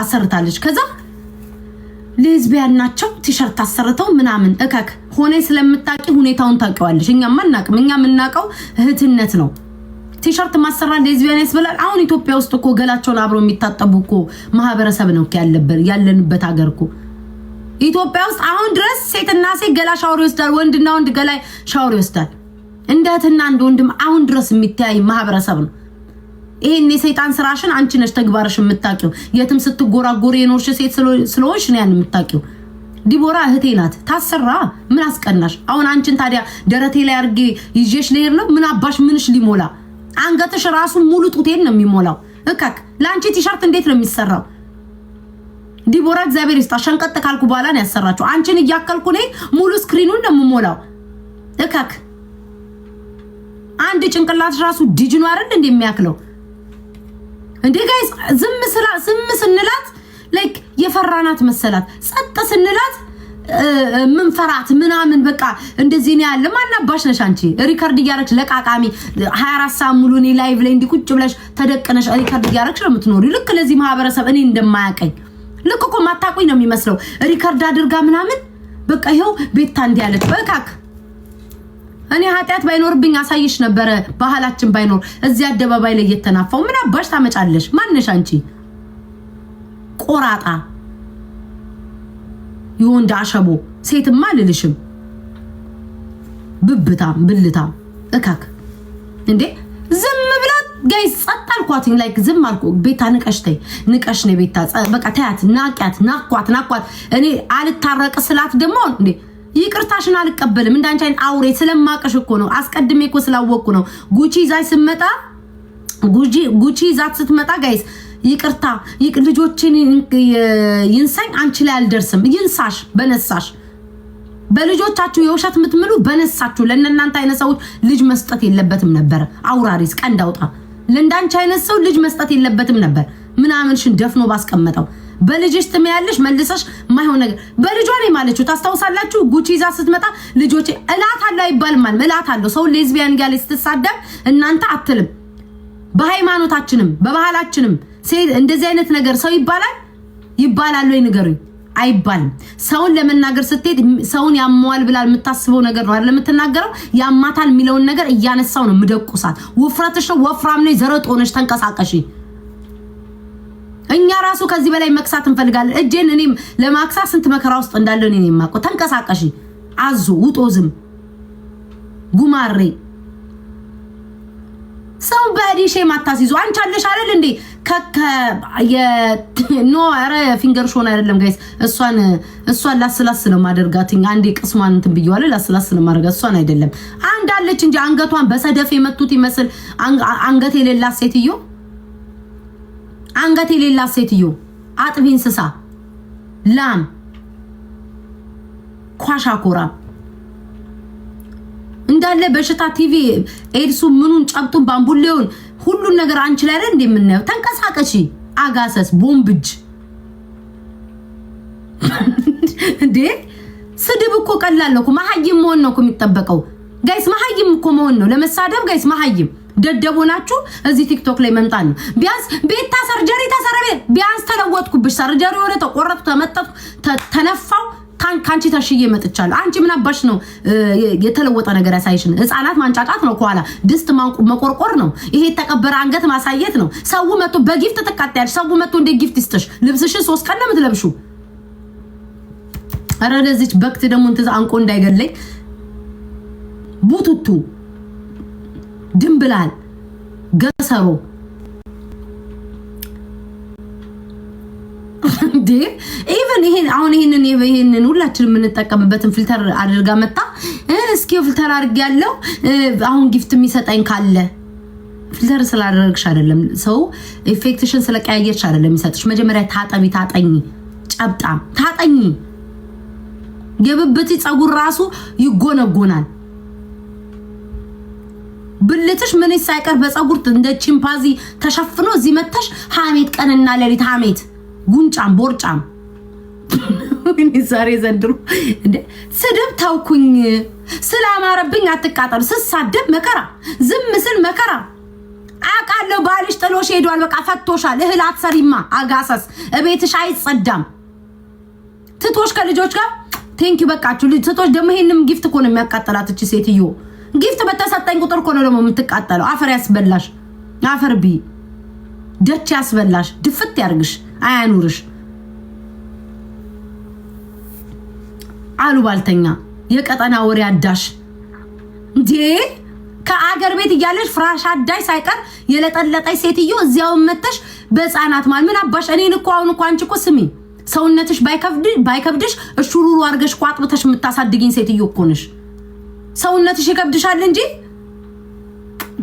አሰርታለች። ከዛ ሌዝቢያን ናቸው ቲሸርት አሰርተው ምናምን እከክ ሆነ ስለምታቂ ሁኔታውን ታውቂዋለሽ። እኛም አናውቅም እኛ የምናውቀው እህትነት ነው። ቲሸርት ማሰራት ሌዝቢያን ያስበላል። አሁን ኢትዮጵያ ውስጥ እኮ ገላቸውን አብሮ የሚታጠቡ እኮ ማህበረሰብ ነው ያለንበት ሀገር እኮ ኢትዮጵያ ውስጥ አሁን ድረስ ሴትና ሴት ገላ ሻወር ይወስዳል፣ ወንድና ወንድ ገላ ሻወር ይወስዳል። እንደ እህትና እንደ ወንድም አሁን ድረስ የሚተያይ ማህበረሰብ ነው። ይሄን የሰይጣን ስራሽን አንቺ ነሽ ተግባርሽ የምታቂው። የትም ስትጎራጎር የኖርሽ ሴት ስለሆንሽ ነው ያን የምታቂው። ዲቦራ እህቴ ናት። ታሰራ ምን አስቀናሽ? አሁን አንቺን ታዲያ ደረቴ ላይ አድርጌ ይዤሽ ልሄድ ነው? ምን አባሽ ምንሽ ሊሞላ? አንገትሽ ራሱ ሙሉ ጡቴን ነው የሚሞላው። እካክ ለአንቺ ቲሸርት እንዴት ነው የሚሰራው? ዲቦራ እግዚአብሔር ይስጣ። ሸንቀጥ ካልኩ በኋላ ነው ያሰራችው። አንቺን እያከልኩ እኔ ሙሉ ስክሪኑን ነው የምሞላው። እካክ አንድ ጭንቅላት ራሱ ዲጅኖ አይደል እንደሚያክለው እንዴ ጋይስ ዝም ስራ ዝም ስንላት ላይክ የፈራናት መሰላት፣ ጸጥ ስንላት ምንፈራት ምናምን በቃ እንደዚህ ነው ያለ። ማናባሽ ነሽ አንቺ ሪከርድ እያረግሽ ለቃቃሚ 24 ሰዓት ሙሉ እኔ ላይቭ ላይ እንዲህ ቁጭ ብለሽ ተደቅነሽ ሪከርድ እያረግሽ ነው የምትኖሪ። ልክ ለዚህ ማህበረሰብ እኔ እንደማያቀኝ ልክ እኮ ማታቆኝ ነው የሚመስለው ሪከርድ አድርጋ ምናምን በቃ ይኸው ቤታ እንዲህ ያለች በካክ እኔ ኃጢአት ባይኖርብኝ አሳይሽ ነበረ። ባህላችን ባይኖር እዚህ አደባባይ ላይ እየተናፋው ምን አባሽ ታመጫለሽ? ማነሽ አንቺ ቆራጣ የወንድ አሸቦ ሴትማ አልልሽም። ብብታም ብልታም እካክ እንዴ ዝም ብላ ጋይ ጸጥ አልኳትኝ። ላይክ ዝም አልኩ። ቤታ ንቀሽ ተይ ንቀሽ ነ ቤታ በቃ ተያት፣ ናቅያት፣ ናኳት፣ ናኳት። እኔ አልታረቅ ስላት ደግሞ እንዴ ይቅርታሽን አልቀበልም። እንዳንቺ አይነት አውሬ ስለማቀሽ እኮ ነው። አስቀድሜ እኮ ስላወቅኩ ነው። ጉቺ ይዛች ስትመጣ ጉቺ ይዛት ስትመጣ ጋይስ ይቅርታ ልጆችን ይንሳኝ፣ አንቺ ላይ አልደርስም። ይንሳሽ በነሳሽ በልጆቻችሁ የውሸት የምትምሉ በነሳችሁ። ለእናንተ አይነት ሰዎች ልጅ መስጠት የለበትም ነበር። አውራሪስ ቀንድ አውጣ። ለእንዳንቺ አይነት ሰው ልጅ መስጠት የለበትም ነበር። ምናምንሽን ደፍኖ ባስቀመጠው በልጅሽ ጥሜ ያለሽ መልሰሽ ማይሆን ነገር በልጇ ነው የማለችው። ታስታውሳላችሁ? ጉቺ ይዛ ስትመጣ ልጆቼ እላት አለው አይባልም አለ እላት አለው። ሰው ሌዝቢያን ጋር ስትሳደብ እናንተ አትልም። በሃይማኖታችንም በባህላችንም ሴት እንደዚህ አይነት ነገር ሰው ይባላል ይባላል ወይ ንገሩኝ። አይባልም። ሰውን ለመናገር ስትሄድ ሰውን ያመዋል ብላ የምታስበው ነገር ነው አይደል የምትናገረው። ያማታል የሚለውን ነገር እያነሳው ነው ምደቁሳት። ውፍረትሽ ነው ወፍራም ነው ዘረጦ ነሽ ተንቀሳቀሺ እኛ ራሱ ከዚህ በላይ መክሳት እንፈልጋለን። እጄን እኔም ለማክሳት ስንት መከራ ውስጥ እንዳለው እኔ የማውቀው። ተንቀሳቀሽ አዞ ውጦ ዝም ጉማሬ ሰው በዲሼ ማታስይዙ አንቺ አለሽ አይደል እንዴ? ከከ ኖ ኧረ ፊንገር ሾን አይደለም ጋይስ፣ እሷን እሷን ላስላስ ነው ማደርጋትኝ። አንዴ ቅስሟን እንትን ብየዋለ ላስላስ ነው ማደርጋት እሷን አይደለም አንድ አለች እንጂ አንገቷን በሰደፍ የመቱት ይመስል አንገት የሌላት ሴትዮ አንገት የሌላት ሴትዮ አጥቢ እንስሳ ላም ኮራ እንዳለ በሽታ ቲቪ ኤድሱ ምኑን ጨብጡን ባምቡሌውን ሁሉን ነገር አንቺ ላይ አይደል እንደምናየው ተንቀሳቀሺ አጋሰስ ቦምብጅ እንዴ ስድብ እኮ ቀላል ነው እኮ መሀይም መሆን ነው እኮ የሚጠበቀው ጋይስ መሀይም እኮ መሆን ነው ለመሳደብ ጋይስ መሀይም ደደብ ሆናችሁ እዚህ ቲክቶክ ላይ መምጣት ነው። ቢያንስ ቤታ ሰርጀሪ ተሰረቤ ቢያንስ ተለወጥኩብሽ፣ ሰርጀሪ ሆነ፣ ተቆረጥኩ፣ ተመጠጥኩ፣ ተነፋው ከአንቺ ተሽዬ መጥቻለሁ። አንቺ ምን አባሽ ነው የተለወጠ ነገር ያሳይሽን? ህፃናት ማንጫጫት ነው፣ ከኋላ ድስት መቆርቆር ነው፣ ይሄ የተቀበረ አንገት ማሳየት ነው። ሰው መቶ በጊፍት ትቃጠያለሽ። ሰው መቶ እንደ ጊፍት ይስጥሽ። ልብስሽን ሶስት ቀን ለምትለብሹ ኧረ በክት ደግሞ እንትዝ አንቆ እንዳይገለኝ ቡቱቱ ድንብላል ገሰሮ እንዴ ኢቨን ይሄን አሁን ይሄንን ይሄንን ሁላችን የምንጠቀምበትን ፊልተር አድርጋ መጣ። እስኪ ፊልተር አድርግ ያለው አሁን ጊፍት የሚሰጠኝ ካለ ፊልተር ስላደረግሽ አይደለም ሰው ኢፌክትሽን ስለቀያየርሽ አይደለም የሚሰጥሽ። መጀመሪያ ታጠቢ፣ ታጠኝ፣ ጨብጣም ታጠኝ። የብብት ፀጉር ራሱ ይጎነጎናል። ብልትሽ ምን ሳይቀር በፀጉር እንደ ቺምፓዚ ተሸፍኖ እዚህ መተሽ ሐሜት ቀንና ሌሊት ሐሜት ጉንጫም ቦርጫም። ዛሬ ዘንድሮ ስድብ ተውኩኝ። ስላማረብኝ አትቃጠሉ። ስሳደብ መከራ፣ ዝም ስል መከራ አውቃለሁ። ባልሽ ጥሎሽ ሄዷል። በቃ ፈቶሻል። እህል አትሰሪማ አጋሰስ እቤትሽ አይጸዳም። ትቶሽ ከልጆች ጋር ቴንኪ በቃችሁ። ልጅ ትቶሽ ደግሞ ይሄንም ጊፍት እኮ ነው የሚያቃጠላት እቺ ሴትዮ። ጊፍት በተሰጠኝ ቁጥር እኮ ነው ደግሞ የምትቃጠለው። አፈር ያስበላሽ፣ አፈር ቢ ደች ያስበላሽ፣ ድፍት ያርግሽ፣ አያኑርሽ። አሉባልተኛ የቀጠና ወሬ አዳሽ እንዴ ከአገር ቤት እያለሽ ፍራሽ አዳሽ ሳይቀር የለጠለጠች ሴትዮ እዚያውን መተሽ በህፃናት ማል ምን አባሽ እኔን እኮ አሁን እኮ አንቺ እኮ ስሚ ሰውነትሽ ባይከብድሽ እሹሩሩ አድርገሽ ቋጥብተሽ የምታሳድግኝ ሴትዮ እኮ ነሽ። ሰውነትሽ ይከብድሻል እንጂ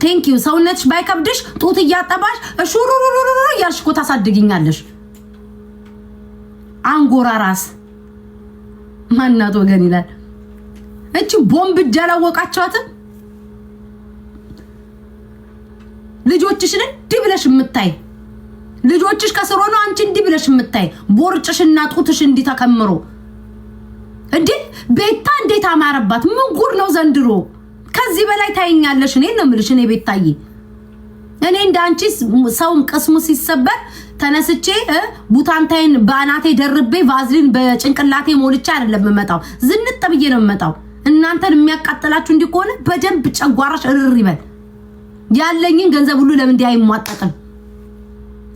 ቴንክ ዩ ሰውነትሽ ባይከብድሽ ጡት እያጠባሽ እሹሩሩሩሩ እያልሽ እኮ ታሳድግኛለሽ። አንጎራ ራስ ማናት ወገን ይላል። እቺ ቦምብ እጅ አላወቃቸዋትም። ልጆችሽን እንዲህ ብለሽ የምታይ ልጆችሽ ከስር ሆነው አንቺ እንዲህ ብለሽ የምታይ ቦርጭሽና ጡትሽ እንዲህ ተከምሮ እንዴ ቤታ እንዴት አማረባት! ምን ጉድ ነው ዘንድሮ! ከዚህ በላይ ታይኛለሽ። እኔ ነው የምልሽ። እኔ ቤታዬ እኔ እንደ አንቺ ሰውም ቅስሙ ሲሰበር ተነስቼ ቡታንታይን በአናቴ ደርቤ ቫዝሊን በጭንቅላቴ ሞልቼ አይደለም የምመጣው፣ ዝንጥ ብዬ ነው የምመጣው። እናንተን የሚያቃጥላችሁ እንዲህ ከሆነ በደንብ ጨጓራሽ እርር ይበል። ያለኝን ገንዘብ ሁሉ ለምን እንዲህ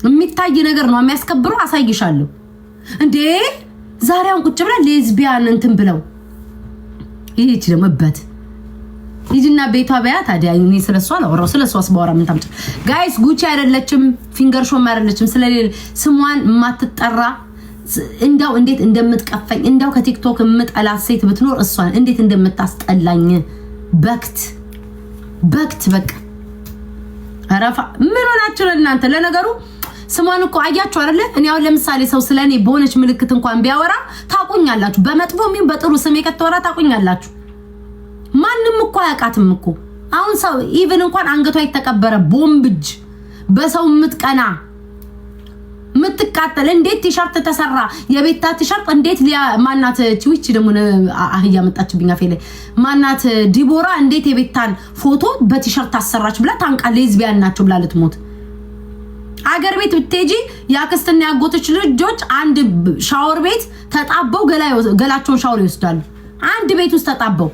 የሚታይ ነገር ነው የሚያስከብረው። አሳይሻለሁ እንዴ ዛሬውን ቁጭ ብለ ሌዝቢያን እንትን ብለው ይህች በት ሂጂና ቤቷ በያ። ታዲያ እኔ ስለሷ አላወራሁ። ስለሷ ስባወራ ምን ጋይስ ጉቺ አይደለችም፣ ፊንገር ሾም አይደለችም። ስለሌለ ስሟን የማትጠራ እንዳው እንዴት እንደምትቀፈኝ እንዳው ከቲክቶክ የምጠላት ሴት ብትኖር እሷን እንዴት እንደምታስጠላኝ በክት በክት በቃ ረፋ ምን ሆናችሁ እናንተ ለነገሩ ስሟን እኮ አያችሁ አይደለ? እኔ አሁን ለምሳሌ ሰው ስለ እኔ በሆነች ምልክት እንኳን ቢያወራ ታቁኛላችሁ። በመጥፎ ሚን በጥሩ ስሜ ከተወራ ታቁኛላችሁ። ማንም እኮ አያውቃትም እኮ አሁን ሰው ኢቭን እንኳን አንገቷ የተቀበረ ቦምብጅ በሰው የምትቀና የምትቃጠል እንዴት ቲሸርት ተሰራ የቤታ ቲሸርት እንዴት ማናት ቺዊቺ ደግሞ አህያ መጣችብኝ አፌ ላይ ማናት ዲቦራ እንዴት የቤታን ፎቶ በቲሸርት አሰራች ብላ ታንቃ ሌዝቢያን ናቸው ብላ ልትሞት አገር ቤት ብትሄጂ የአክስትና ያጎቶች ልጆች አንድ ሻወር ቤት ተጣበው ገላቸውን ሻወር ይወስዳሉ። አንድ ቤት ውስጥ ተጣበው።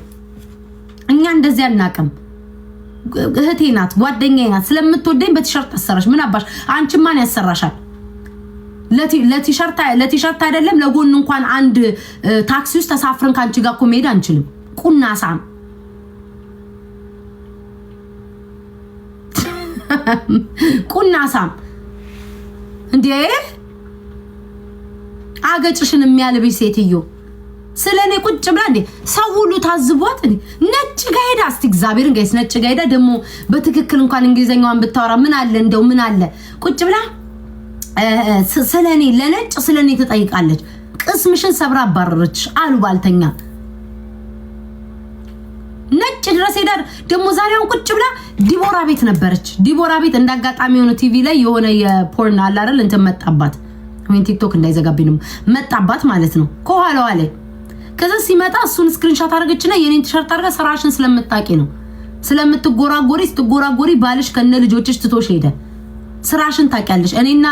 እኛ እንደዚህ አናቅም እህቴ ናት፣ ጓደኛዬ ናት። ስለምትወደኝ በቲሸርት አሰራሽ። ምን አባሽ አንቺ ማን ያሰራሻል? ለቲሸርት አይደለም ለጎን እንኳን አንድ ታክሲ ውስጥ ተሳፍረን ከአንቺ ጋር እኮ መሄድ አንችልም። ቁና ሳም ቁና ሳም እንዴ አገጭሽን የሚያልብሽ ሴትዮ ስለ እኔ ቁጭ ብላ እንዴ ሰው ሁሉ ታዝቧት ነጭ ጋ ሄዳ እስቲ እግዚአብሔርን ጋይስ ነጭ ጋ ደግሞ በትክክል እንኳን እንግሊዘኛዋን ብታወራ ምን አለ እንደው ምን አለ ቁጭ ብላ ስለ እኔ ለነጭ ስለ እኔ ትጠይቃለች ቅስምሽን ሰብራ አባረረች አሉ ባልተኛ ነጭ ድረስ ሄዳ ደግሞ ዛሬውን ቁጭ ብላ ዲቦራ ቤት ነበረች። ዲቦራ ቤት እንዳጋጣሚ የሆነ ቲቪ ላይ የሆነ የፖርን አለ አይደል እንትን መጣባት ወይም ቲክቶክ እንዳይዘጋብኝ መጣባት ማለት ነው ከኋላዋ ላይ። ከዛ ሲመጣ እሱን ስክሪንሻት አድርገችና የኔን ቲሸርት አድርጋ ስራሽን ስለምታቂ ነው ስለምትጎራጎሪ ስትጎራጎሪ ባልሽ ከነ ልጆችሽ ትቶሽ ሄደ። ስራሽን ታውቂያለሽ። እኔና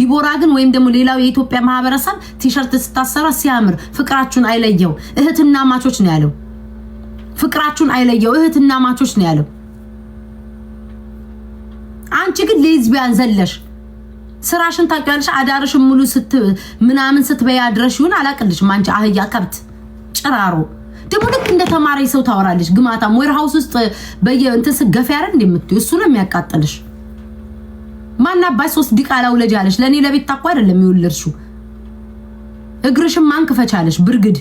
ዲቦራ ግን ወይም ደግሞ ሌላው የኢትዮጵያ ማህበረሰብ ቲሸርት ስታሰራ ሲያምር ፍቅራችሁን አይለየው እህትና ማቾች ነው ያለው ፍቅራችሁን አይለየው እህትና ማቾች ነው ያለው። አንቺ ግን ሌዝቢያን ዘለሽ ስራሽን ታውቂያለሽ። አዳርሽን ሙሉ ስት ምናምን ስትበይ አድረሽ ይሁን አላቅልሽም። አንቺ አህያ ከብት ጭራሮ ደግሞ ልክ እንደ ተማሪ ሰው ታወራለች። ግማታም ዌር ሀውስ ውስጥ በየእንትን ስገፍ ያረን እንደምትዩ እሱ ነው የሚያቃጥልሽ። ማና አባሽ ሶስት ዲቃላ ውለጃለሽ። ለእኔ ለቤት ታኳ አይደለም ይውልርሹ እግርሽም ማን ማንክፈቻለሽ ብርግድ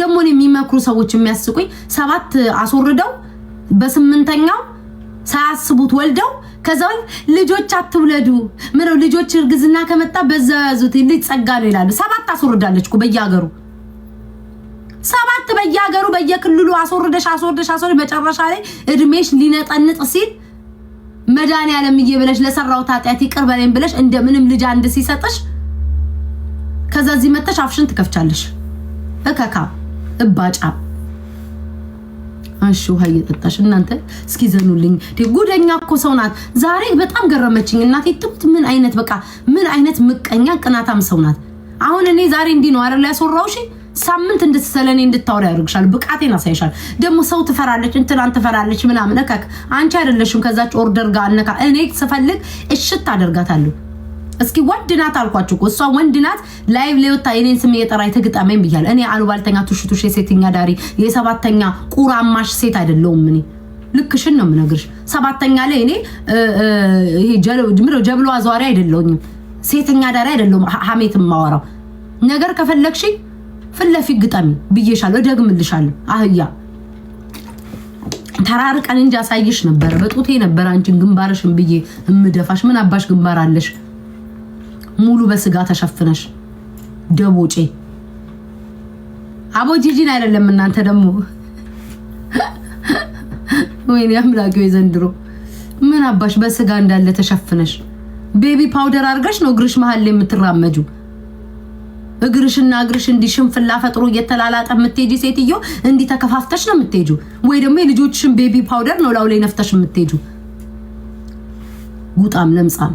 ደግሞ የሚመክሩ ሰዎች የሚያስቁኝ ሰባት አስወርደው በስምንተኛው ሳያስቡት ወልደው ከዛ ልጆች አትውለዱ ምነው ልጆች እርግዝና ከመጣ በዛ ያዙት ልጅ ጸጋ ነው ይላሉ። ሰባት አስወርዳለች እኮ በየሀገሩ ሰባት በየሀገሩ በየክልሉ አስወርደሽ አስወርደሽ አስወርደሽ መጨረሻ ላይ እድሜሽ ሊነጠንጥ ሲል መድኃኒዓለምዬ ብለሽ ለሰራው ኃጢአት ይቅር በለኝ ብለሽ እንደምንም ልጅ አንድ ሲሰጥሽ ከዛ እዚህ መጥተሽ አፍሽን ትከፍቻለሽ። እከካ እባጫ። እሺ ውሃ እየጠጣሽ እናንተ እስኪ ዘኑልኝ። ጉደኛ እኮ ሰው ናት። ዛሬ በጣም ገረመችኝ እናቴ ትሙት። ምን አይነት በቃ ምን አይነት ምቀኛ ቅናታም ሰው ናት። አሁን እኔ ዛሬ እንዲህ ነው አይደል ያስወራውሽ ሳምንት እንድትሰለኔ እንድታወራ ያደርግሻል። ብቃቴን አሳይሻል። ደግሞ ሰው ትፈራለች፣ እንትናን ትፈራለች ምናምን። እከክ አንቺ አይደለሽም ከዛች ኦርደር ጋር እነካ እኔ ስፈልግ እሽት አደርጋታለሁ። እስኪ ወንድ ናት አልኳችሁ እኮ እሷ ወንድ ናት። ላይቭ ሊወጣ የኔን ስም እየጠራ የተግጣመኝ ብያል። እኔ አሉባልተኛ ቱሽቱሽ የሴትኛ ዳሪ የሰባተኛ ቁራማሽ ሴት አይደለውም። እኔ ልክሽን ነው የምነግርሽ። ሰባተኛ ላይ እኔ ይሄ ጀብሎ አዘዋሪ አይደለውኝም። ሴተኛ ዳሪ አይደለውም። ሀሜት የማወራው ነገር ከፈለግሽ ፊት ለፊት ግጠሚ ብዬሻለሁ፣ እደግምልሻለሁ። አህያ ተራርቀን እንጂ አሳይሽ ነበረ። በጡቴ ነበረ አንቺን ግንባርሽን ብዬ እምደፋሽ። ምን አባሽ ግንባር አለሽ? ሙሉ በስጋ ተሸፍነሽ ደቦጬ አቦ ጂጂን አይደለም። እናንተ ደግሞ ወይኔ አምላኪ ዘንድሮ ምን አባሽ በስጋ እንዳለ ተሸፍነሽ ቤቢ ፓውደር አድርገሽ ነው እግርሽ መሀል ላይ የምትራመጁ። እግርሽና እግርሽ እንዲህ ሽንፍላ ፈጥሮ እየተላላጠ የምትሄጂ ሴትዮ እንዲህ ተከፋፍተሽ ነው የምትሄጁ። ወይ ደግሞ የልጆችሽን ቤቢ ፓውደር ነው ላው ላይ ነፍተሽ የምትሄጁ። ጉጣም ለምጻም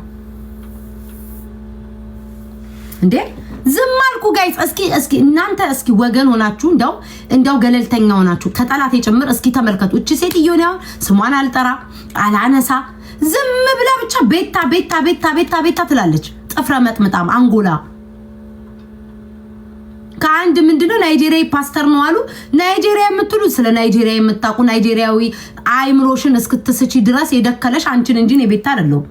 እንዴ ዝም አልኩ ጋይስ። እስኪ እስኪ እናንተ እስኪ ወገን ሆናችሁ እንደው እንደው ገለልተኛ ሆናችሁ ከጠላት ጭምር እስኪ ተመልከቱ። እቺ ሴትዮ አሁን ስሟን አልጠራ አላነሳ፣ ዝም ብላ ብቻ ቤታ ቤታ ቤታ ቤታ ቤታ ትላለች። ጥፍረ መጥምጣም አንጎላ ከአንድ ምንድነው ናይጄሪያዊ ፓስተር ነው አሉ። ናይጄሪያ የምትሉ ስለ ናይጄሪያ የምታውቁ ናይጄሪያዊ አይምሮሽን እስክትስቺ ድረስ የደከለሽ አንቺን እንጂ እኔ ቤታ አይደለሁም።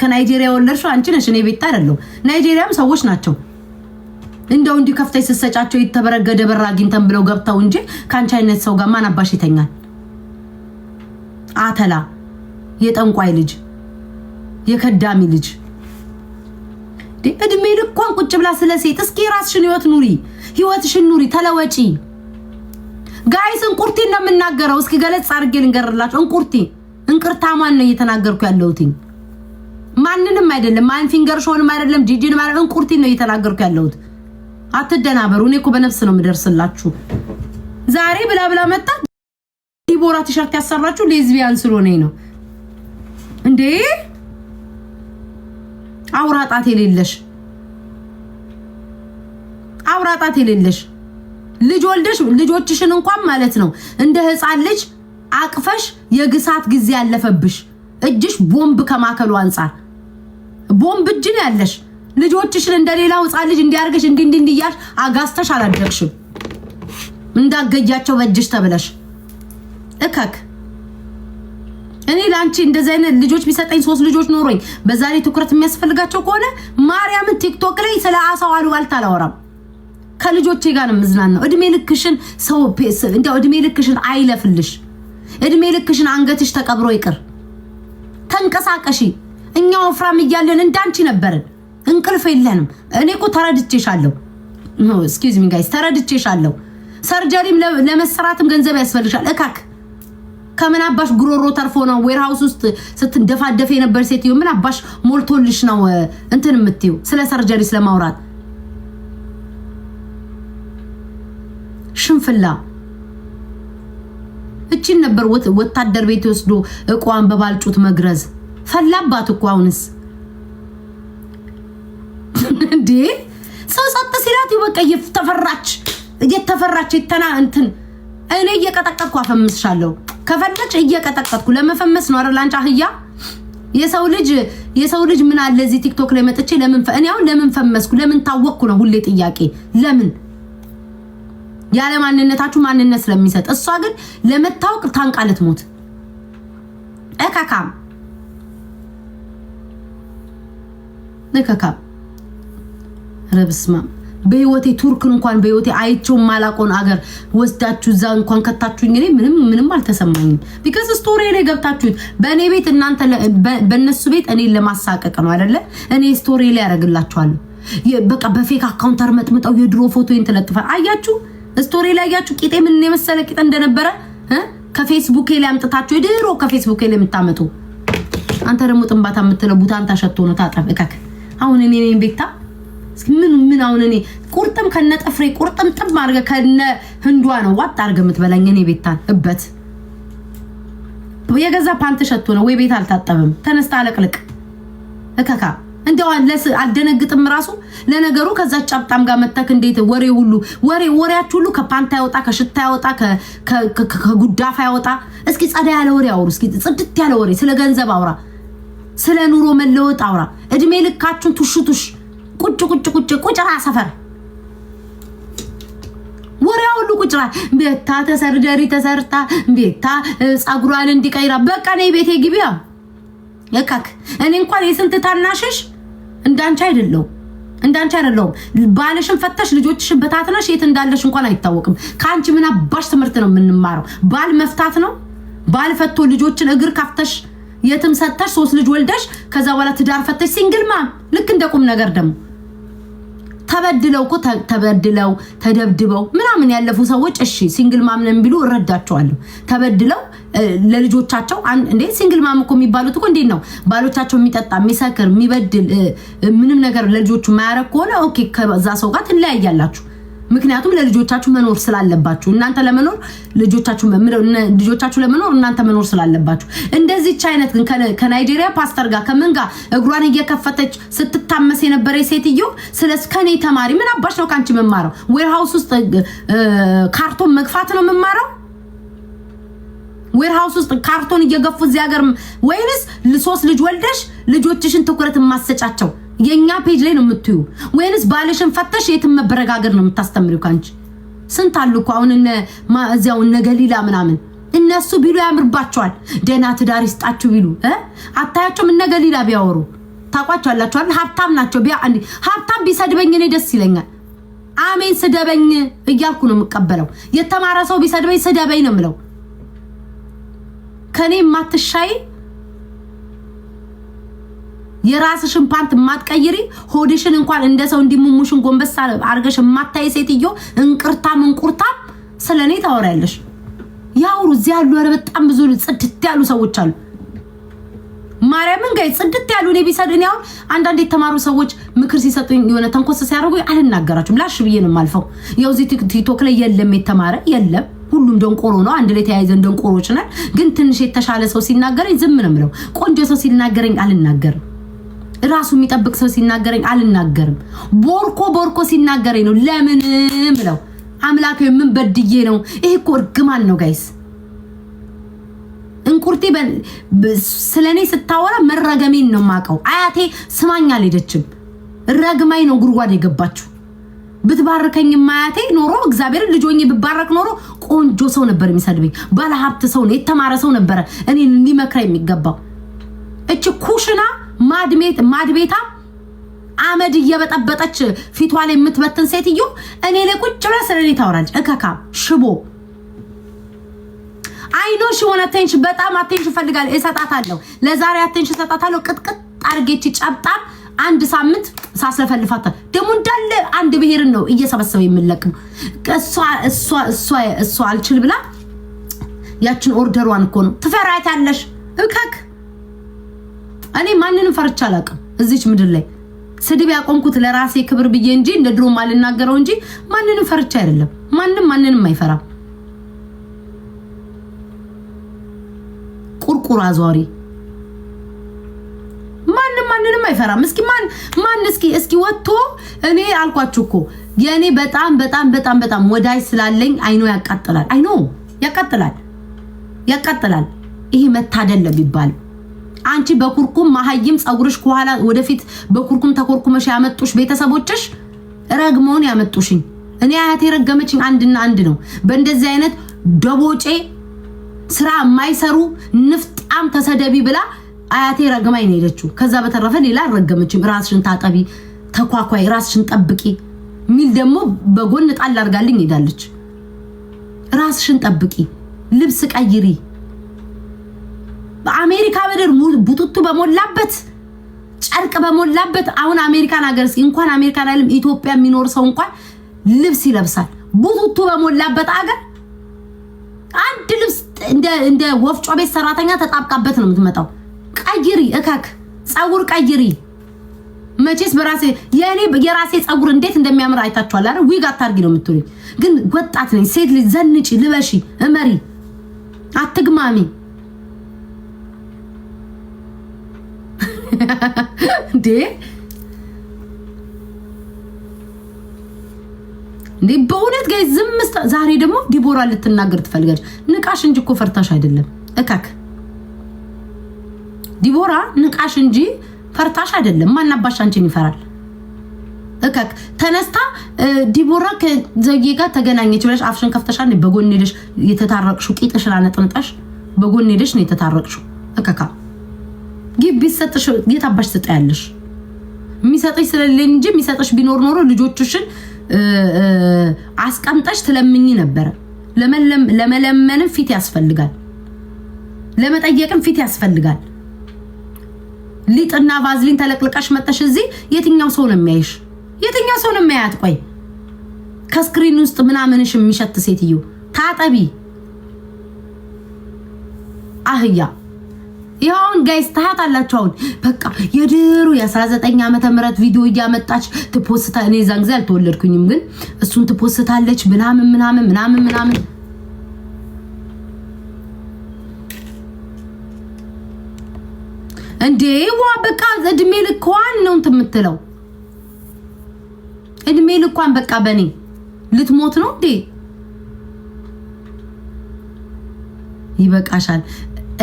ከናይጄሪያ ወለድሽው አንቺ ነሽ፣ እኔ ቤት አይደለሁ። ናይጄሪያም ሰዎች ናቸው። እንደው እንዲሁ ከፍተሽ ስትሰጫቸው የተበረገደ በር አግኝተን ብለው ገብተው እንጂ ከአንቺ አይነት ሰው ጋር ማን አባሽ ይተኛል? አተላ የጠንቋይ ልጅ የከዳሚ ልጅ እድሜ ልኳን ቁጭ ብላ ስለ ሴት እስኪ የራስሽን ህይወት ኑሪ፣ ህይወትሽን ኑሪ፣ ተለወጪ። ጋይስ እንቁርቲ እንደምናገረው የምናገረው። እስኪ ገለጽ አድርጌ ልንገርላቸው። እንቁርቲ እንቅርታማን ነው እየተናገርኩ ያለሁትኝ። ማንንም አይደለም። ማን ፊንገር ሾንም አይደለም። ጂጂን ማለት እንቁርቲን ነው እየተናገርኩ ያለሁት። አትደናበሩ። እኔ እኮ በነፍስ ነው የምደርስላችሁ። ዛሬ ብላ ብላ መጣ ዲቦራ ቲሸርት ያሰራችሁ ሌዝቢያን ስለሆነ ነው እንዴ? አውራ ጣት የሌለሽ አውራ ጣት የሌለሽ ልጅ ወልደሽ ልጆችሽን እንኳን ማለት ነው እንደ ህፃን ልጅ አቅፈሽ የግሳት ጊዜ ያለፈብሽ እጅሽ ቦምብ ከማከሉ አንጻር ቦምብ እጅ ነው ያለሽ። ልጆችሽን እንደሌላው ሕፃን ልጅ እንዲያርገሽ እንዲህ እንዲህ እንዲያሽ እያልሽ አጋስተሽ አላደረግሽም። እንዳገጃቸው በእጅሽ ተብለሽ እከክ እኔ ለአንቺ እንደዚህ አይነት ልጆች ቢሰጠኝ ሶስት ልጆች ኖሮኝ በዛሬ ትኩረት የሚያስፈልጋቸው ከሆነ ማርያምን ቲክቶክ ላይ ስለ አሳው አሉባልታ አላወራም። ከልጆቼ ጋር ነው የምዝናናው። እድሜ ልክሽን ሰው እንዲያው እድሜ ልክሽን አይለፍልሽ። እድሜ ልክሽን አንገትሽ ተቀብሮ ይቅር። ተንቀሳቀሺ። እኛ ወፍራም እያለን እንዳንቺ ነበርን። እንቅልፍ የለንም። እኔ እኮ ተረድቼሻለሁ። ስኪዝ ሚ ጋይስ ተረድቼሻለሁ። ሰርጀሪም ለመሰራትም ገንዘብ ያስፈልግሻል። እካክ ከምን አባሽ ጉሮሮ ተርፎ ነው ዌርሃውስ ውስጥ ስትደፋደፍ የነበር ሴትዮ ምን አባሽ ሞልቶልሽ ነው እንትን የምትዩ ስለ ሰርጀሪ ስለማውራት ሽንፍላ እቺን ነበር ወታደር ቤት ወስዶ እቋን በባልጩት መግረዝ ፈላባት እኮ አሁንስ እንዴ ሰው ጸጥ ሲላት በቃ እየተፈራች እየተፈራች የተና እንትን እኔ እየቀጠቀጥኩ አፈምስሻለሁ። ከፈለች እየቀጠቀጥኩ ለመፈመስ ነው። አረላንጫ አህያ የሰው ልጅ የሰው ልጅ ምን አለ እዚህ ቲክቶክ ላይ መጥቼ ለምን እኔ አሁን ለምን ፈመስኩ ለምን ታወቅኩ ነው ሁሌ ጥያቄ። ለምን ያለ ማንነታችሁ ማንነት ስለሚሰጥ እሷ ግን ለመታወቅ ታንቃለት ሞት እካካም ንከካብ ረብስማ በህይወቴ ቱርክን እንኳን በህይወቴ አይቸው ማላቆን አገር ወስዳችሁ እዛ እንኳን ከታችሁኝ እኔ ምንም ምንም አልተሰማኝም። ቢካዝ ስቶሪ ላይ ገብታችሁት በእኔ ቤት እናንተ በእነሱ ቤት እኔ ለማሳቀቅ ነው አይደለ? እኔ ስቶሪ ላይ ያደርግላችኋለሁ። በቃ በፌክ አካውንት አርመጥምጠው የድሮ ፎቶዬን ትለጥፋል። አያችሁ ስቶሪ ላይ አያችሁ ቂጤ ምን የመሰለ ቂጤ እንደነበረ ከፌስቡኬ ላይ አምጥታችሁ የድሮ ከፌስቡኬ ላይ የምታመጡ አንተ ደግሞ ጥንባታ የምትለቡት አንተ ሸቶ ነው ታጠብ እከክ አሁን እኔ ነኝ ቤታ ምን ምን አሁን እኔ ቁርጥም ከነ ጥፍሬ ቁርጥም ጥም አርገ ከነ ህንዷ ነው ዋጥ አድርገህ የምትበላኝ እኔ ቤታን እበት የገዛ ፓንት ሸቶ ነው ወይ ቤት አልታጠብም። ተነስተ አለቅልቅ እከካ እንዲያው ለስ አደነግጥም ራሱ ለነገሩ ከዛ ጫብጣም ጋር መተክ እንዴት ወሬ ሁሉ ወሬ ወሬያች ሁሉ ከፓንታ ያወጣ ከሽታ ያወጣ ከጉዳፋ ያወጣ። እስኪ ጸዳ ያለ ወሬ አውሩ። እስኪ ጽድት ያለ ወሬ ስለ ገንዘብ አውራ። ስለ ኑሮ መለወጥ አውራ። እድሜ ልካችሁን ቱሹ ቱሽ ቁጭ ቁጭ ቁጭ ቁጭራ ሰፈር ወሪያ ሁሉ ቁጭራ ቤታ ተሰርደሪ ተሰርታ ቤታ ፀጉሯን እንዲቀይራ በቃ ነይ ቤቴ ግቢያ የካክ እኔ እንኳን የስንት ታናሽሽ እንዳንቺ አይደለው እንዳንቺ አይደለሁም። ባለሽን ፈተሽ ልጆችሽን በታትነሽ የት እንዳለሽ እንኳን አይታወቅም። ከአንቺ ምን አባሽ ትምህርት ነው የምንማረው? ባል መፍታት ነው ባል ፈቶ ልጆችን እግር ካፍተሽ የትም ሰጥተሽ ሶስት ልጅ ወልደሽ ከዛ በኋላ ትዳር ፈተሽ ሲንግል ማም ልክ እንደ ቁም ነገር ደግሞ ተበድለው እኮ ተበድለው ተደብድበው ምናምን ያለፉ ሰዎች እሺ ሲንግል ማም ነን ቢሉ እረዳቸዋለሁ። ተበድለው ለልጆቻቸው እንዴ ሲንግል ማም እኮ የሚባሉት እኮ እንዴት ነው ባሎቻቸው የሚጠጣ የሚሰክር፣ የሚበድል ምንም ነገር ለልጆቹ ማያረግ ከሆነ ኦኬ ከዛ ሰው ጋር ትለያያላችሁ። ምክንያቱም ለልጆቻችሁ መኖር ስላለባችሁ እናንተ ለመኖር ልጆቻችሁ ልጆቻችሁ ለመኖር እናንተ መኖር ስላለባችሁ። እንደዚች አይነት ግን ከናይጄሪያ ፓስተር ጋር ከምን ጋር እግሯን እየከፈተች ስትታመስ የነበረ ሴትዮ ስለስ ከኔ ተማሪ ምን አባሽ ነው ከአንቺ የምማረው? ዌርሃውስ ውስጥ ካርቶን መግፋት ነው የምማረው? ዌርሃውስ ውስጥ ካርቶን እየገፉ እዚህ ሀገር ወይንስ ሶስት ልጅ ወልደሽ ልጆችሽን ትኩረት የማሰጫቸው የእኛ ፔጅ ላይ ነው የምትዩ ወይንስ ባለሽን ፈተሽ የትም መበረጋገር ነው የምታስተምሪው? ከአንቺ ስንት አሉ እኮ አሁን እዚያው እነ ገሊላ ምናምን እነሱ ቢሉ ያምርባቸዋል። ደህና ትዳር ይስጣችሁ ቢሉ አታያቸውም? እነ ገሊላ ቢያወሩ አላቸዋል። ሀብታም ናቸው። ሀብታም ቢሰድበኝ እኔ ደስ ይለኛል። አሜን ስደበኝ እያልኩ ነው የምቀበለው። የተማረ ሰው ቢሰድበኝ ስደበኝ ነው የምለው ከእኔ የማትሻይ የራስሽን ፓንት የማትቀይሪ ሆድሽን እንኳን እንደ ሰው እንዲሙሙሽን ጎንበስ አርገሽ ማታይ ሴትዮ እንቅርታም እንቁርታም ስለ እኔ ታወሪያለሽ። ያውሩ እዚህ ያሉ ኧረ በጣም ብዙ ጽድት ያሉ ሰዎች አሉ። ማርያምን ጋይ ጽድት ያሉ እኔ ቢሰድ እኔ አሁን አንዳንድ የተማሩ ሰዎች ምክር ሲሰጡኝ የሆነ ተንኮስ ሲያደርጉ አልናገራችሁም፣ ላሽ ብዬ ነው የማልፈው። ያው እዚህ ቲክቶክ ላይ የለም የተማረ የለም፣ ሁሉም ደንቆሮ ነው። አንድ ላይ ተያይዘን ደንቆሮች ነን። ግን ትንሽ የተሻለ ሰው ሲናገረኝ ዝም ነው የምለው። ቆንጆ ሰው ሲናገረኝ አልናገርም። ራሱ የሚጠብቅ ሰው ሲናገረኝ አልናገርም። ቦርኮ ቦርኮ ሲናገረኝ ነው ለምንም ነው አምላክ ምን በድዬ ነው? ይሄ እኮ እርግማን ነው ጋይስ። እንቁርቴ ስለ እኔ ስታወራ መረገሜን ነው የማውቀው። አያቴ ስማኝ አልሄደችም፣ ረግማኝ ነው ጉድጓድ የገባችው። ብትባርከኝም አያቴ ኖሮ እግዚአብሔር ልጆኝ ብባረክ ኖሮ ቆንጆ ሰው ነበር የሚሰድበኝ። ባለሀብት ሰው ነው፣ የተማረ ሰው ነበረ እኔን እንዲመክራ የሚገባው። እች ኩሽና ማድሜት ማድቤታ አመድ እየበጠበጠች ፊቷ ላይ የምትበትን ሴትዮ እኔ ላይ ቁጭ ብላ ስለ እኔ ታወራለች። እከካ ሽቦ አይኖ ሽሆን አቴንሽን በጣም አቴንሽን እፈልጋለሁ። እሰጣታለሁ። ለዛሬ አቴንሽን እሰጣታለሁ። ቅጥቅጥ አድርጌች ጨብጣም አንድ ሳምንት ሳስለፈልፋት ደግሞ እንዳለ አንድ ብሔርን ነው እየሰበሰበ የምንለቅም እሷ እሷ እሷ እሷ አልችል ብላ ያችን ኦርደሯን እኮ ነው ትፈራት ያለሽ እከክ እኔ ማንንም ፈርቻ አላቅም እዚች ምድር ላይ ስድብ ያቆምኩት ለራሴ ክብር ብዬ እንጂ እንደ ድሮ ማልናገረው እንጂ ማንንም ፈርቻ አይደለም። ማንም ማንንም አይፈራም። ቁርቁር አዟሪ ማንም ማንንም አይፈራም። እስኪ ማን ማን እስኪ እስኪ ወጥቶ እኔ አልኳችሁ እኮ የእኔ በጣም በጣም በጣም በጣም ወዳጅ ስላለኝ አይኖ ያቃጥላል። አይኖ ያቃጥላል፣ ያቃጥላል። ይሄ መታደል ለሚባል አንቺ በኩርኩም መሀይም ፀጉርሽ ከኋላ ወደፊት በኩርኩም ተኮርኩመሽ ያመጡሽ ቤተሰቦችሽ ረግመውን ያመጡሽኝ። እኔ አያቴ ረገመችኝ አንድና አንድ ነው። በእንደዚህ አይነት ደቦጬ ስራ የማይሰሩ ንፍጣም ተሰደቢ ብላ አያቴ ረግማኝ ነው ሄደችው። ከዛ በተረፈ ሌላ አልረገመችም። ራስሽን ታጠቢ፣ ተኳኳይ፣ ራስሽን ጠብቂ ሚል ደግሞ በጎን ጣል አድርጋልኝ ሄዳለች። ራስሽን ጠብቂ፣ ልብስ ቀይሪ በአሜሪካ ምድር ቡትቱ በሞላበት ጨርቅ በሞላበት አሁን አሜሪካን ሀገር እንኳን አሜሪካን አይደለም ኢትዮጵያ የሚኖር ሰው እንኳን ልብስ ይለብሳል። ቡቱቱ በሞላበት አገር አንድ ልብስ እንደ ወፍጮ ቤት ሰራተኛ ተጣብቃበት ነው የምትመጣው። ቀይሪ እከክ ፀጉር ቀይሪ። መቼስ በራሴ የኔ የራሴ ፀጉር እንዴት እንደሚያምር አይታችኋል አይደል? ዊግ አታርጊ ነው የምትሉኝ። ግን ወጣት ነኝ ሴት ልጅ ዘንጪ፣ ልበሺ፣ እመሪ፣ አትግማሚ እንዴ እንዴ በእውነት ጋይ ዝም ዛሬ ደግሞ ዲቦራ ልትናገር ትፈልጋለች። ንቃሽ እንጂ እኮ ፈርታሽ አይደለም። እካክ ዲቦራ ንቃሽ እንጂ ፈርታሽ አይደለም። ማናባሽ አንቺን ይፈራል። እከክ ተነስታ ዲቦራ ከዘጌ ጋር ተገናኘች ብለሽ አፍሽን ከፍተሻል። በጎን ሄደሽ የተታረቅሹ ቂጥሽን አነጥንጠሽ በጎን ሄደሽ ነው የተታረቅሹ እከካ ቢሰጥሽ ጌታ አባሽ ያለሽ የሚሰጥሽ ስለሌለኝ እንጂ የሚሰጥሽ ቢኖር ኖሮ ልጆችሽን አስቀምጠሽ ትለምኝ ነበረ። ለመለመንም ፊት ያስፈልጋል፣ ለመጠየቅም ፊት ያስፈልጋል። ሊጥና ቫዝሊን ተለቅልቀሽ መጠሽ እዚህ የትኛው ሰው ነው የሚያይሽ? የትኛው ሰው ነው የሚያያት? ቆይ ከስክሪን ውስጥ ምናምንሽ የሚሸት ሴትዮ ታጠቢ አህያ ይኸውን ጋይስ ታያት አሁን በቃ የድሮ የ19 ዓመተ ምህረት ቪዲዮ እያመጣች ትፖስታ። እኔ ዛን ጊዜ አልተወለድኩኝም፣ ግን እሱን ትፖስታለች ምናምን ምናምን ምናምን ምናምን እንዴ ዋ በቃ እድሜ ልኳን ነው እንትን የምትለው እድሜ ልኳን በቃ በኔ ልትሞት ነው እንዴ? ይበቃሻል።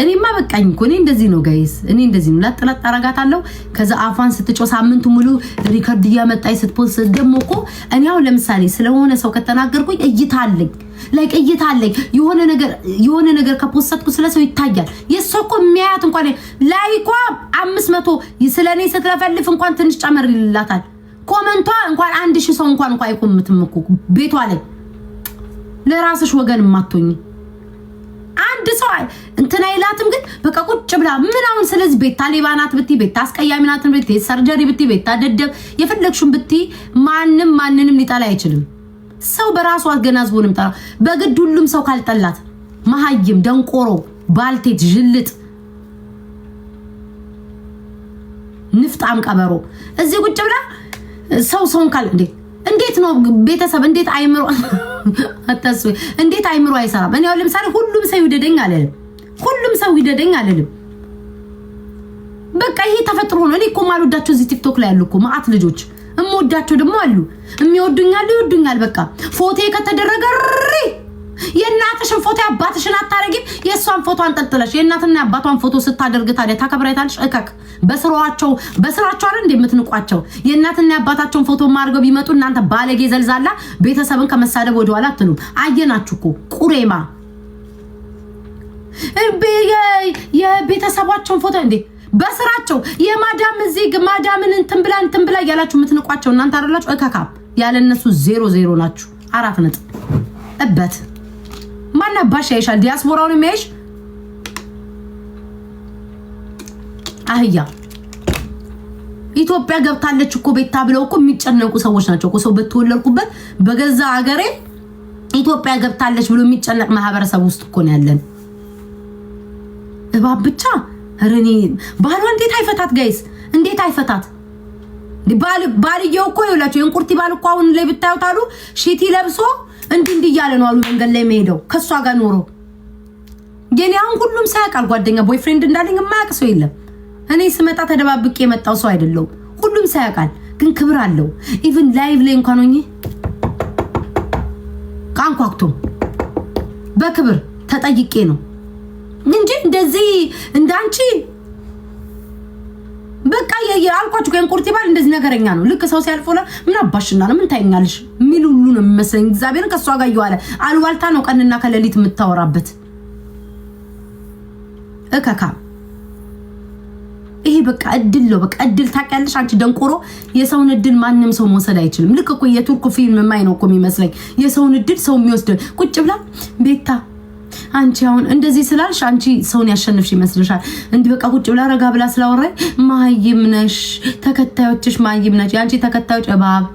እኔማ በቃኝ እኮ እኔ እንደዚህ ነው ጋይስ፣ እኔ እንደዚህ ነው። ለጥ ለጥ አረጋታለሁ። ከዛ አፏን ስትጮ ሳምንቱ ሙሉ ሪከርድ እያመጣኝ ስትፖስ ደግሞ እኮ እኔ አሁን ለምሳሌ ስለሆነ ሰው ከተናገርኩኝ እይታ አለኝ፣ ላይክ እይታ አለኝ። የሆነ ነገር የሆነ ነገር ከፖስትኩ ስለ ሰው ይታያል። የእሷ እኮ የሚያያት እንኳን ላይኳ አምስት መቶ ስለ እኔ ስትለፈልፍ እንኳን ትንሽ ጨመር ይልላታል። ኮመንቷ እንኳን አንድ ሺህ ሰው እንኳን እንኳ አይቆምትም እኮ ቤቷ ላይ ለራስሽ ወገን ማቶኝ አንድ ሰው እንትን አይላትም፣ ግን በቃ ቁጭ ብላ ምናምን። ስለዚህ ቤታ ሌባ ናት ብቲ፣ ቤታ አስቀያሚ ናትን ብቲ፣ ሰርጀሪ ብቲ፣ ቤታ ደደብ የፈለግሽውን ብቲ፣ ማንም ማንንም ሊጠላ አይችልም። ሰው በራሱ አገናዝቦ ነው የሚጠላው። በግድ ሁሉም ሰው ካልጠላት መሀይም፣ ደንቆሮ፣ ባልቴት፣ ዥልጥ፣ ንፍጣም፣ ቀበሮ እዚህ ቁጭ ብላ ሰው ሰውን ካል እንዴ እንዴት ነው ቤተሰብ እንዴት አይምሮ አታስ እንዴት አይምሮ አይሰራም? እኔ ለምሳሌ ሁሉም ሰው ይውደደኝ አለልም፣ ሁሉም ሰው ይውደደኝ አለልም። በቃ ይሄ ተፈጥሮ ነው። እኔ እኮ ማልወዳቸው እዚህ ቲክቶክ ላይ ያሉ እኮ ልጆች እምወዳቸው ደግሞ አሉ። የሚወዱኛል ይወዱኛል። በቃ ፎቴ ከተደረገ የእናትሽን ፎቶ የአባትሽን አታረጊም። የእሷን ፎቶ አንጠልጥለሽ የእናትና የአባቷን ፎቶ ስታደርግ ታዲያ ታከብራይታለሽ? እከክ በስራቸው በስራቸው አይደል እንዴ የምትንቋቸው? የእናትና የአባታቸውን ፎቶ ማድርገው ቢመጡ እናንተ ባለጌ ዘልዛላ ቤተሰብን ከመሳደብ ወደኋላ አትሉም። አየናችሁ እኮ ቁሬማ የቤተሰባቸውን ፎቶ እንዴ በስራቸው የማዳም እዚህ ማዳምን እንትን ብላ እንትን ብላ እያላችሁ የምትንቋቸው እናንተ አይደላችሁ? እከካ ያለ እነሱ ዜሮ ዜሮ ናችሁ። አራት ነጥብ እበት ማን ማናባሽ ያይሻል? ዲያስፖራውን የሚያይሽ አህያ ኢትዮጵያ ገብታለች እኮ ቤታ ብለው እኮ የሚጨነቁ ሰዎች ናቸው እኮ ሰው በተወለድኩበት በገዛ ሀገሬ ኢትዮጵያ ገብታለች ብሎ የሚጨነቅ ማህበረሰብ ውስጥ እኮ ነው ያለን። እባብ ብቻ ረኔ ባህሏ እንዴት አይፈታት ጋይስ፣ እንዴት አይፈታት ባልየው እኮ ይውላቸው የእንቁርቲ ባል እኮ አሁን ላይ ብታዩት አሉ ሺቲ ለብሶ እንዲህ እንዲህ እያለ ነው አሉ መንገድ ላይ መሄደው ከእሷ ጋር ኖሮ የኔ አሁን ሁሉም ሳያውቃል ጓደኛ ቦይፍሬንድ እንዳለኝ የማያውቅ ሰው የለም። እኔ ስመጣ ተደባብቄ የመጣው ሰው አይደለውም ሁሉም ሳያውቃል ግን ክብር አለው። ኢቭን ላይቭ ላይ እንኳን ሆኜ አንኳኩቶም በክብር ተጠይቄ ነው እንጂ እንደዚህ እንዳንቺ በቃ አልኳችሁ እኮ የእንቁርት ይባል እንደዚህ ነገረኛ ነው። ልክ ሰው ሲያልፎ ምን አባሽና ነው ምን ታይኛለሽ ሚል ሁሉ ነው የሚመስለኝ። እግዚአብሔርን ከእሷ ጋር እየዋለ አልዋልታ ነው ቀንና ከሌሊት የምታወራበት እከካ ይሄ በቃ እድል ነው። በቃ እድል ታውቂያለሽ አንቺ ደንቆሮ፣ የሰውን እድል ማንም ሰው መውሰድ አይችልም። ልክ እኮ የቱርክ ፊልም ማይ ነው እኮ የሚመስለኝ የሰውን እድል ሰው የሚወስድ ቁጭ ብላ ቤታ አንቺ አሁን እንደዚህ ስላልሽ አንቺ ሰውን ያሸንፍሽ ይመስልሻል? እንዲህ በቃ ቁጭ ብላ ረጋ ብላ ስላወራኝ ማይም ነሽ፣ ተከታዮችሽ ማይም ነች። የአንቺ ተከታዮች እባብ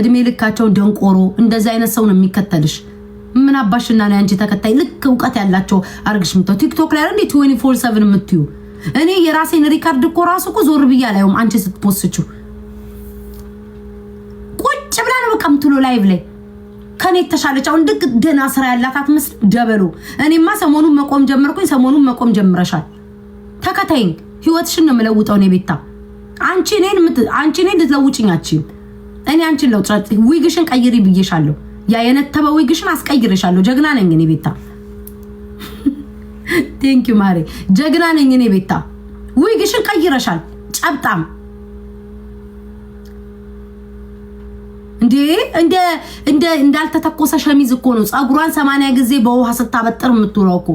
እድሜ ልካቸውን ደንቆሮ፣ እንደዚህ አይነት ሰው ነው የሚከተልሽ። ምን አባሽና ነው የአንቺ ተከታይ? ልክ እውቀት ያላቸው አርግሽ ምታው ቲክቶክ ላይ እንዴ 24/7 የምትዩ እኔ የራሴን ሪካርድ እኮ ራሱ እኮ ዞር ብያ ላይም አንቺ ስትፖስትችው ቁጭ ብላ ነው በቃ ምትሎ ላይቭ ላይ ከኔ የተሻለች አሁን ድቅ ደህና ስራ ያላት አትመስልም ደበሎ። እኔማ ሰሞኑን መቆም ጀመርኩኝ። ሰሞኑን መቆም ጀምረሻል። ተከታይኝ፣ ህይወትሽን ነው የምለውጠው። እኔ ቤታ አንቺ እኔን አንቺ እኔን ልትለውጭኝ አትችይም። እኔ አንቺን ለውጥ ዊግሽን ቀይሪ ብዬሻለሁ። ያ የነተበ ዊግሽን አስቀይርሻለሁ። ጀግና ነኝ እኔ ቤታ። ቴንኪዩ ማሬ፣ ጀግና ነኝ እኔ ቤታ። ዊግሽን ቀይረሻል። ጨብጣም እንዴ እንደ እንደ እንዳልተተኮሰ ሸሚዝ እኮ ነው። ፀጉሯን ሰማንያ ጊዜ በውሃ ስታበጥር የምትውለው እኮ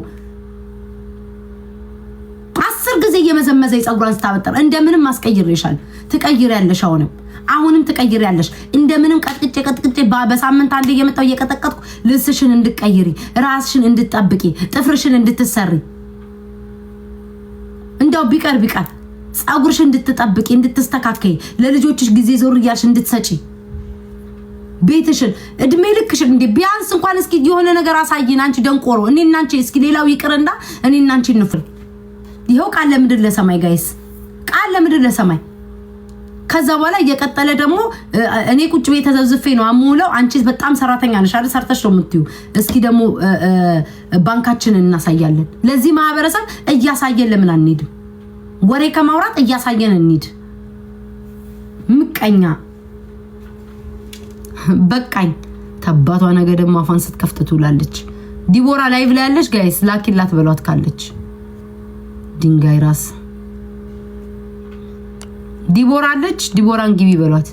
አስር ጊዜ እየመዘመዘ ፀጉሯን ስታበጥር። እንደምንም አስቀይሬሻል። ትቀይሪያለሽ። አሁንም አሁንም ትቀይሪያለሽ። እንደምንም ቀጥቅጬ ቀጥቅጬ በሳምንት አንድ እየመጣሁ እየቀጠቀጥኩ ልብስሽን እንድቀይሪ ራስሽን እንድትጠብቂ፣ ጥፍርሽን እንድትሰሪ እንደው ቢቀር ቢቀር ፀጉርሽ እንድትጠብቂ፣ እንድትስተካከይ፣ ለልጆችሽ ጊዜ ዞር እያልሽ እንድትሰጪ ቤትሽን እድሜ ልክሽን እንዴ ቢያንስ እንኳን እስኪ የሆነ ነገር አሳይን። አንቺ ደንቆሮ እኔ እናንቺ እስኪ ሌላው ይቅርና እኔ እናንቺ እንፍል። ይኸው ቃል ለምድር ለሰማይ ጋይስ፣ ቃል ለምድር ለሰማይ። ከዛ በኋላ እየቀጠለ ደግሞ እኔ ቁጭ ቤት ተዘብዝፌ ነው አሙለው። አንቺ በጣም ሰራተኛ ነሽ አይደል? ሰርተሽ ነው የምትዩ። እስኪ ደግሞ ባንካችንን እናሳያለን። ለዚህ ማህበረሰብ እያሳየን ለምን አንሄድም? ወሬ ከማውራት እያሳየን እንሂድ። ምቀኛ በቃኝ። ተባቷ ነገ ደግሞ አፏን ስትከፍት ትውላለች። ዲቦራ ላይ ያለች ጋይስ ላኪላት በሏት ካለች ድንጋይ ራስ ዲቦራ አለች። ዲቦራን ግቢ በሏት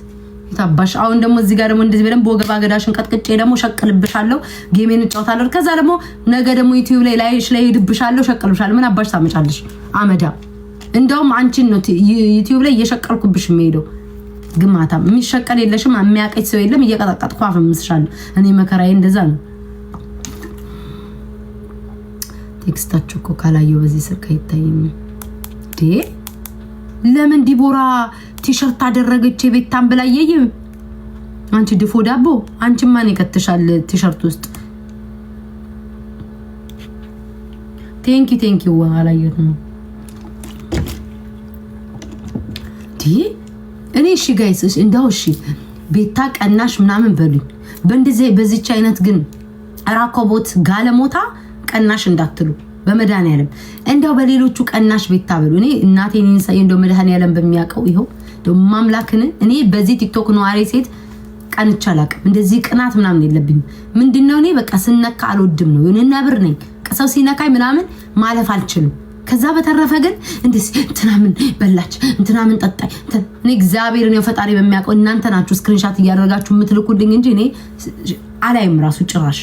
ታባሽ። አሁን ደግሞ እዚህ ጋር ደግሞ እንደዚህ በደንብ ወገባ ገዳሽን ቀጥቅጬ ደግሞ ሸቅልብሻለሁ፣ ጌሜን እጫወታለሁ። ከዛ ደግሞ ነገ ደግሞ ዩቲዩብ ላይ ላይሽ ላይ ሄድብሻለሁ፣ ሸቅልብሻለሁ። ምን አባሽ ታመጫለሽ? አመዳ። እንደውም አንቺን ነው ዩቲዩብ ላይ እየሸቀልኩብሽ የሚሄደው ግማታ የሚሸቀል የለሽም የሚያቀች ሰው የለም። እየቀጠቀጥ ኳፍ የምስሻለሁ እኔ መከራዬ እንደዛ ነው። ቴክስታችሁ እኮ ካላየው በዚህ ስልክ አይታይም። ለምን ዲቦራ ቲሸርት አደረገች የቤታን ብላ አንቺ ድፎ ዳቦ አንቺ ማን ይከትሻል ቲሸርት ውስጥ ቴንኪ ቴንኪ አላየት ነው እኔ እሺ ጋይስ እንዲያው እሺ ቤታ ቀናሽ ምናምን በሉኝ። በእንደዚህ በዚች አይነት ግን ራኮቦት ጋለሞታ ቀናሽ እንዳትሉ በመድኃኒዓለም እንዲያው በሌሎቹ ቀናሽ ቤታ በሉ። እኔ እናቴ ንሳይ እንደ መድኃኒዓለም በሚያውቀው ይኸው ማምላክን እኔ በዚህ ቲክቶክ ነዋሪ ሴት ቀንቻ አላቅም። እንደዚህ ቅናት ምናምን የለብኝም። ምንድነው እኔ በቃ ስነካ አልወድም ነው ነብር ነኝ። ሰው ሲነካኝ ምናምን ማለፍ አልችልም። ከዛ በተረፈ ግን እንዴስ እንትናምን በላች እንትናምን ጠጣይ እኔ እግዚአብሔር ነው ፈጣሪ በሚያውቀው እናንተ ናችሁ ስክሪንሻት እያደረጋችሁ የምትልኩልኝ እንጂ እኔ አላይም ራሱ ጭራሽ